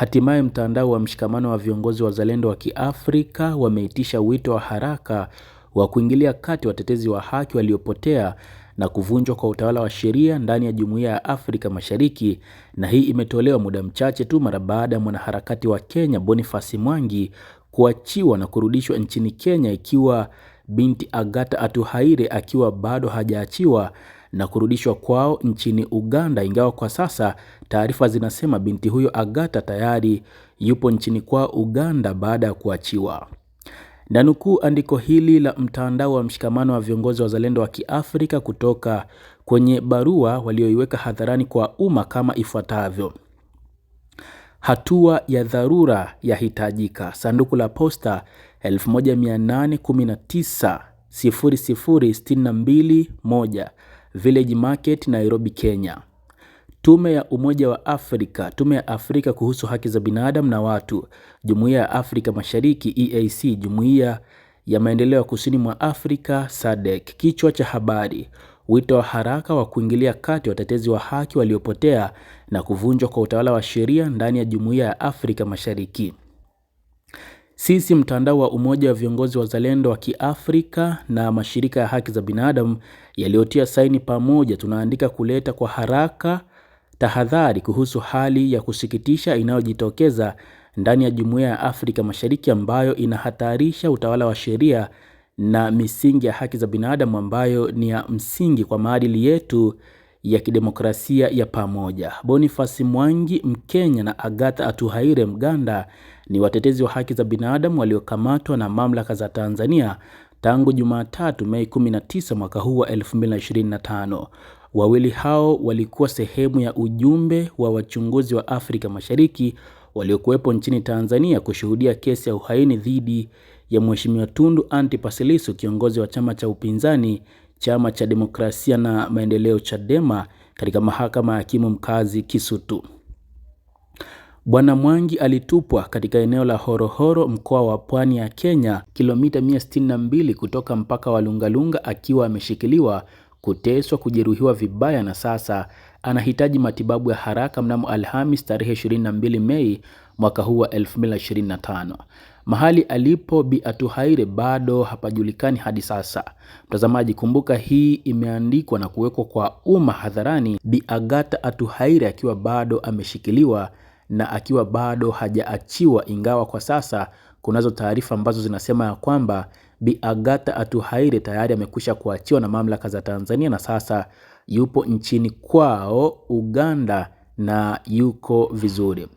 Hatimaye, mtandao wa mshikamano wa viongozi wazalendo wa Kiafrika wameitisha wito wa haraka wa kuingilia kati watetezi wa haki waliopotea na kuvunjwa kwa utawala wa sheria ndani ya Jumuiya ya Afrika Mashariki, na hii imetolewa muda mchache tu mara baada ya mwanaharakati wa Kenya Boniface Mwangi kuachiwa na kurudishwa nchini Kenya ikiwa binti agata Atuhaire akiwa bado hajaachiwa na kurudishwa kwao nchini Uganda, ingawa kwa sasa taarifa zinasema binti huyo Agata tayari yupo nchini kwao Uganda baada ya kuachiwa. Na nukuu andiko hili la mtandao wa mshikamano wa viongozi wa wazalendo wa Kiafrika kutoka kwenye barua walioiweka hadharani kwa umma kama ifuatavyo: Hatua ya dharura yahitajika. Sanduku la posta 1819 moja Village Market, Nairobi, Kenya. Tume ya Umoja wa Afrika, Tume ya Afrika kuhusu haki za binadamu na watu, Jumuiya ya Afrika Mashariki EAC, Jumuiya ya Maendeleo ya Kusini mwa Afrika SADC. Kichwa cha habari: wito wa haraka wa kuingilia kati watetezi wa haki waliopotea na kuvunjwa kwa utawala wa sheria ndani ya Jumuiya ya Afrika Mashariki. Sisi mtandao wa umoja wa viongozi wazalendo wa Kiafrika na mashirika ya haki za binadamu yaliyotia saini pamoja tunaandika kuleta kwa haraka tahadhari kuhusu hali ya kusikitisha inayojitokeza ndani ya Jumuiya ya Afrika Mashariki ambayo inahatarisha utawala wa sheria na misingi ya haki za binadamu ambayo ni ya msingi kwa maadili yetu ya kidemokrasia ya pamoja. Boniface Mwangi Mkenya na Agatha Atuhaire Mganda ni watetezi wa haki za binadamu waliokamatwa na mamlaka za Tanzania tangu Jumatatu Mei 19 mwaka huu wa 2025. Wawili hao walikuwa sehemu ya ujumbe wa wachunguzi wa Afrika Mashariki waliokuwepo nchini Tanzania kushuhudia kesi ya uhaini dhidi ya Mheshimiwa Tundu Antipas Lissu, kiongozi wa chama cha upinzani chama cha demokrasia na maendeleo Chadema katika mahakama ya hakimu mkazi Kisutu. Bwana Mwangi alitupwa katika eneo la Horohoro mkoa wa Pwani ya Kenya, kilomita 162 kutoka mpaka wa Lungalunga, akiwa ameshikiliwa, kuteswa, kujeruhiwa vibaya na sasa anahitaji matibabu ya haraka mnamo Alhamis tarehe 22 Mei mwaka huu wa Mahali alipo Bi Atuhaire bado hapajulikani hadi sasa. Mtazamaji, kumbuka hii imeandikwa na kuwekwa kwa umma hadharani, Bi Agata Atuhaire akiwa bado ameshikiliwa na akiwa bado hajaachiwa, ingawa kwa sasa kunazo taarifa ambazo zinasema ya kwamba Bi Agata Atuhaire tayari amekwisha kuachiwa na mamlaka za Tanzania na sasa yupo nchini kwao Uganda na yuko vizuri.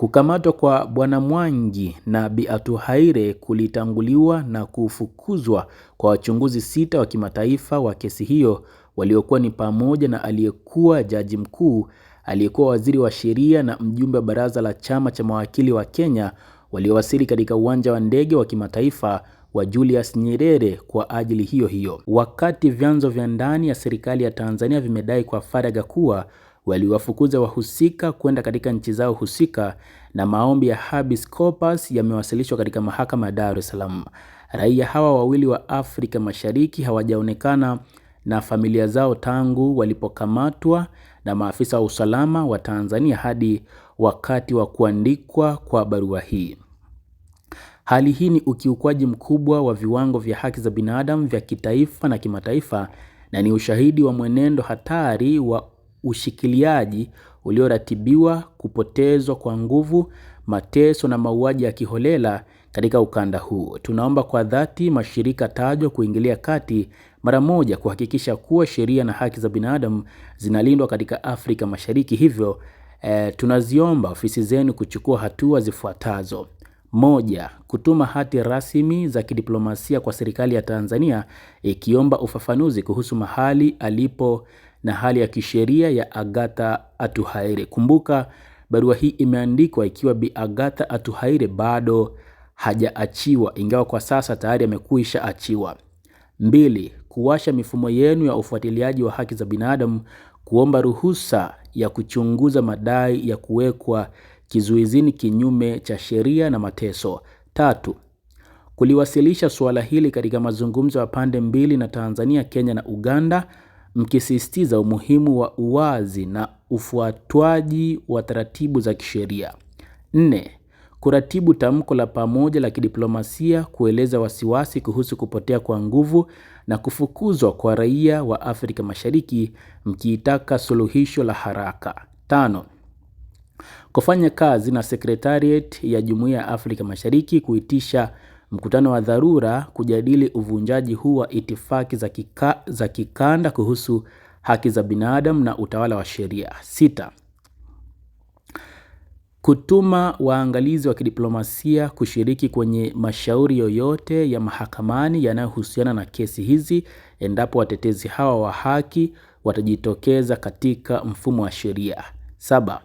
Kukamatwa kwa Bwana Mwangi na Bi Atuhaire kulitanguliwa na kufukuzwa kwa wachunguzi sita wa kimataifa wa kesi hiyo waliokuwa ni pamoja na aliyekuwa jaji mkuu, aliyekuwa waziri wa sheria na mjumbe wa baraza la chama cha mawakili wa Kenya waliowasili katika uwanja wa ndege wa kimataifa wa Julius Nyerere kwa ajili hiyo hiyo. Wakati vyanzo vya ndani ya serikali ya Tanzania vimedai kwa faragha kuwa waliwafukuza wahusika kwenda katika nchi zao husika, na maombi ya habeas corpus yamewasilishwa katika mahakama ya Dar es Salaam. Raia hawa wawili wa Afrika Mashariki hawajaonekana na familia zao tangu walipokamatwa na maafisa wa usalama wa Tanzania hadi wakati wa kuandikwa kwa barua hii. Hali hii ni ukiukwaji mkubwa wa viwango vya haki za binadamu vya kitaifa na kimataifa na ni ushahidi wa mwenendo hatari wa ushikiliaji ulioratibiwa, kupotezwa kwa nguvu, mateso na mauaji ya kiholela katika ukanda huu. Tunaomba kwa dhati mashirika tajwa kuingilia kati mara moja kuhakikisha kuwa sheria na haki za binadamu zinalindwa katika Afrika Mashariki. Hivyo eh, tunaziomba ofisi zenu kuchukua hatua zifuatazo: moja, kutuma hati rasmi za kidiplomasia kwa serikali ya Tanzania ikiomba ufafanuzi kuhusu mahali alipo na hali ya kisheria ya Agatha Atuhaire. Kumbuka barua hii imeandikwa ikiwa Bi Agatha Atuhaire bado hajaachiwa, ingawa kwa sasa tayari amekwisha achiwa. Mbili, kuwasha mifumo yenu ya ufuatiliaji wa haki za binadamu kuomba ruhusa ya kuchunguza madai ya kuwekwa kizuizini kinyume cha sheria na mateso. Tatu, kuliwasilisha suala hili katika mazungumzo ya pande mbili na Tanzania, Kenya na Uganda mkisisitiza umuhimu wa uwazi na ufuatwaji wa taratibu za kisheria. Nne, kuratibu tamko la pamoja la kidiplomasia kueleza wasiwasi kuhusu kupotea kwa nguvu na kufukuzwa kwa raia wa Afrika Mashariki mkiitaka suluhisho la haraka. Tano, kufanya kazi na Secretariat ya Jumuiya ya Afrika Mashariki kuitisha mkutano wa dharura kujadili uvunjaji huu wa itifaki za, kika, za kikanda kuhusu haki za binadamu na utawala wa sheria. Sita, kutuma waangalizi wa kidiplomasia kushiriki kwenye mashauri yoyote ya mahakamani yanayohusiana na kesi hizi endapo watetezi hawa wa haki watajitokeza katika mfumo wa sheria. Saba,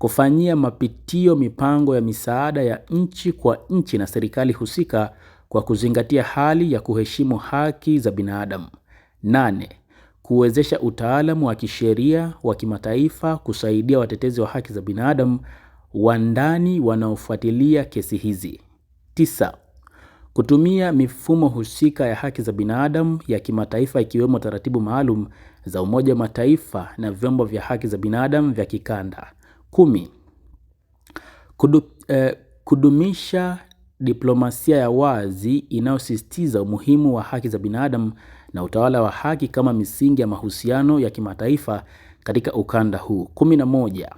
kufanyia mapitio mipango ya misaada ya nchi kwa nchi na serikali husika kwa kuzingatia hali ya kuheshimu haki za binadamu. Nane, kuwezesha utaalamu wa kisheria wa kimataifa kusaidia watetezi wa haki za binadamu wa ndani wanaofuatilia kesi hizi. Tisa, kutumia mifumo husika ya haki za binadamu ya kimataifa ikiwemo taratibu maalum za Umoja wa Mataifa na vyombo vya haki za binadamu vya kikanda. Kumi, kudu, eh, kudumisha diplomasia ya wazi inayosisitiza umuhimu wa haki za binadamu na utawala wa haki kama misingi ya mahusiano ya kimataifa katika ukanda huu. Kumi na moja,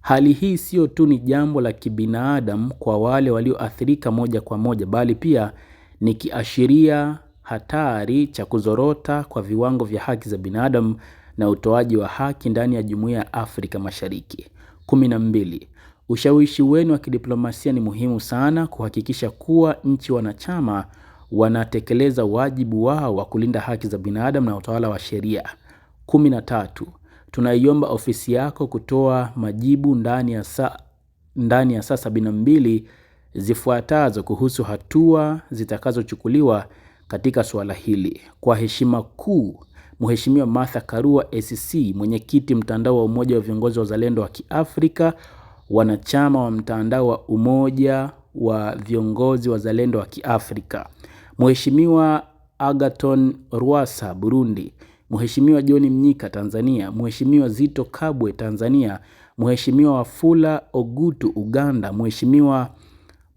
hali hii sio tu ni jambo la kibinadamu kwa wale walioathirika moja kwa moja, bali pia ni kiashiria hatari cha kuzorota kwa viwango vya haki za binadamu na utoaji wa haki ndani ya Jumuiya ya Afrika Mashariki. kumi na mbili. Ushawishi wenu wa kidiplomasia ni muhimu sana kuhakikisha kuwa nchi wanachama wanatekeleza wajibu wao wa kulinda haki za binadamu na utawala wa sheria. kumi na tatu. Tunaiomba ofisi yako kutoa majibu ndani ya saa ndani ya saa sabini na mbili zifuatazo kuhusu hatua zitakazochukuliwa katika suala hili. Kwa heshima kuu Mheshimiwa Martha Karua ACC, mwenyekiti mtandao wa umoja wa viongozi wa uzalendo wa Kiafrika, wanachama wa mtandao wa umoja wa viongozi wazalendo wa Kiafrika, Mheshimiwa Agaton Rwasa Burundi, Mheshimiwa John Mnyika Tanzania, Mheshimiwa Zito Kabwe Tanzania, Mheshimiwa Wafula Ogutu Uganda, Mheshimiwa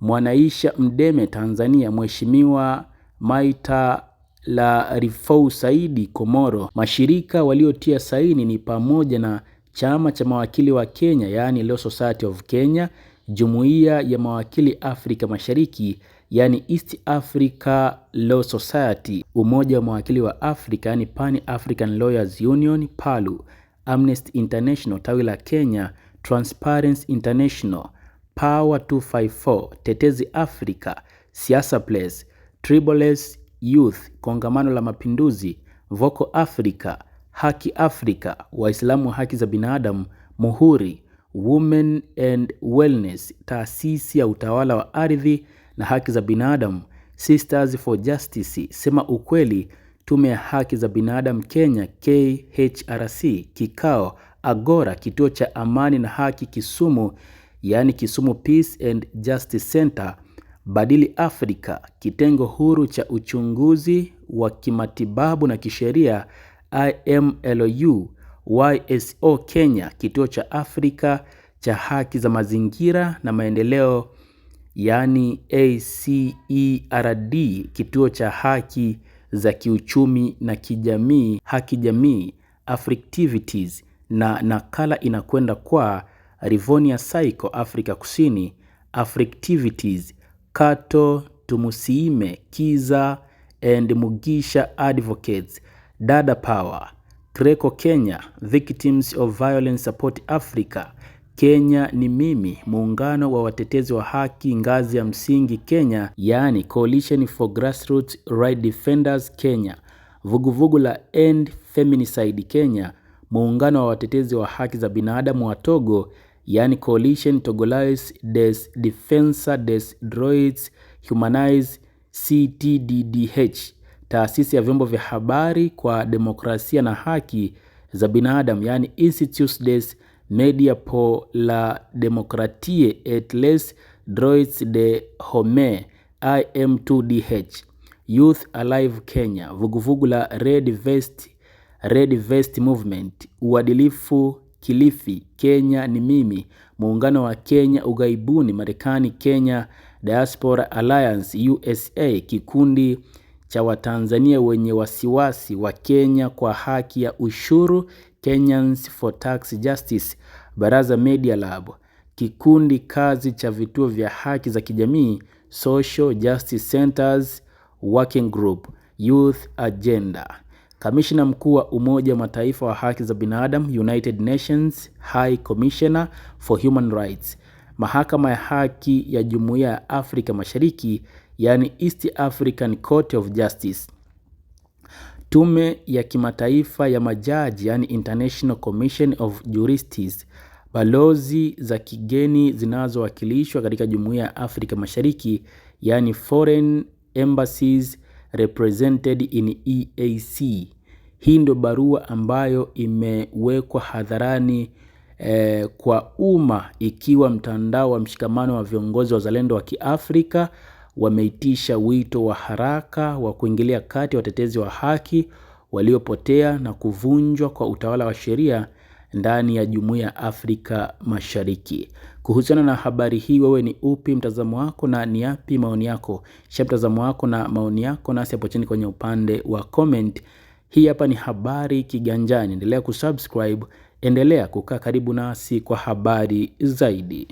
Mwanaisha Mdeme Tanzania, Mheshimiwa Maita la Rifou Saidi Komoro. Mashirika waliotia saini ni pamoja na chama cha mawakili wa Kenya, yani Law Society of Kenya, jumuiya ya mawakili Afrika Mashariki, yani East Africa Law Society, umoja wa mawakili wa Afrika, yani Pan African Lawyers Union PALU, Amnesty International tawi la Kenya, Transparency International, Power 254, Tetezi Africa, Siasa Place, Tribbles Youth, Kongamano la Mapinduzi, Voko Africa, Haki Africa, Waislamu wa Haki za Binadamu, Muhuri, Women and Wellness, Taasisi ya Utawala wa Ardhi na Haki za Binadamu, Sisters for Justice, Sema Ukweli, Tume ya Haki za Binadamu Kenya KHRC, Kikao, Agora, Kituo cha Amani na Haki Kisumu, yaani Kisumu Peace and Justice Center, Badili Afrika, kitengo huru cha uchunguzi wa kimatibabu na kisheria imlu YSO Kenya, kituo cha Afrika cha haki za mazingira na maendeleo yani ACERD, kituo cha haki za kiuchumi na kijamii, haki jamii, Africtivities, na nakala inakwenda kwa Rivonia Saico, Afrika Kusini, Africtivities Kato Tumusiime Kiza and Mugisha Advocates, Dada Power, Greco Kenya, Victims of Violence Support Africa, Kenya ni Mimi, muungano wa watetezi wa haki ngazi ya msingi Kenya, yaani Coalition for Grassroots Right Defenders Kenya, vuguvugu vugu la End Feminicide Kenya, muungano wa watetezi wa haki za binadamu wa Togo yani Coalition Togolais des Defensa des Droits Humanis CTDDH, taasisi ya vyombo vya habari kwa demokrasia na haki za binadamu, yani Institut des Media pour la Democratie et les Droits de home IM2DH, Youth Alive Kenya, vuguvugu la Red Vest, Red Vest Movement, uadilifu Kilifi, Kenya ni mimi, Muungano wa Kenya Ughaibuni, Marekani, Kenya Diaspora Alliance USA, kikundi cha Watanzania wenye wasiwasi wa Kenya kwa haki ya ushuru, Kenyans for Tax Justice, Baraza Media Lab, kikundi kazi cha vituo vya haki za kijamii, Social Justice Centers Working Group, Youth Agenda. Kamishna mkuu wa Umoja wa Mataifa wa haki za binadamu, United Nations High Commissioner for Human Rights, mahakama ya haki ya Jumuiya ya Afrika Mashariki, yani East African Court of Justice, tume ya kimataifa ya majaji, yani International Commission of Jurists, balozi za kigeni zinazowakilishwa katika Jumuiya ya Afrika Mashariki, yani foreign embassies represented in EAC. Hii ndio barua ambayo imewekwa hadharani eh, kwa umma ikiwa mtandao wa mshikamano wa viongozi wazalendo wa Kiafrika wameitisha wito wa haraka wa kuingilia kati watetezi wa haki waliopotea na kuvunjwa kwa utawala wa sheria ndani ya Jumuiya ya Afrika Mashariki. Kuhusiana na habari hii, wewe ni upi mtazamo wako na ni yapi maoni yako? Shia mtazamo wako na maoni yako nasi hapo chini kwenye upande wa comment. Hii hapa ni Habari Kiganjani. Endelea kusubscribe, endelea kukaa karibu nasi kwa habari zaidi.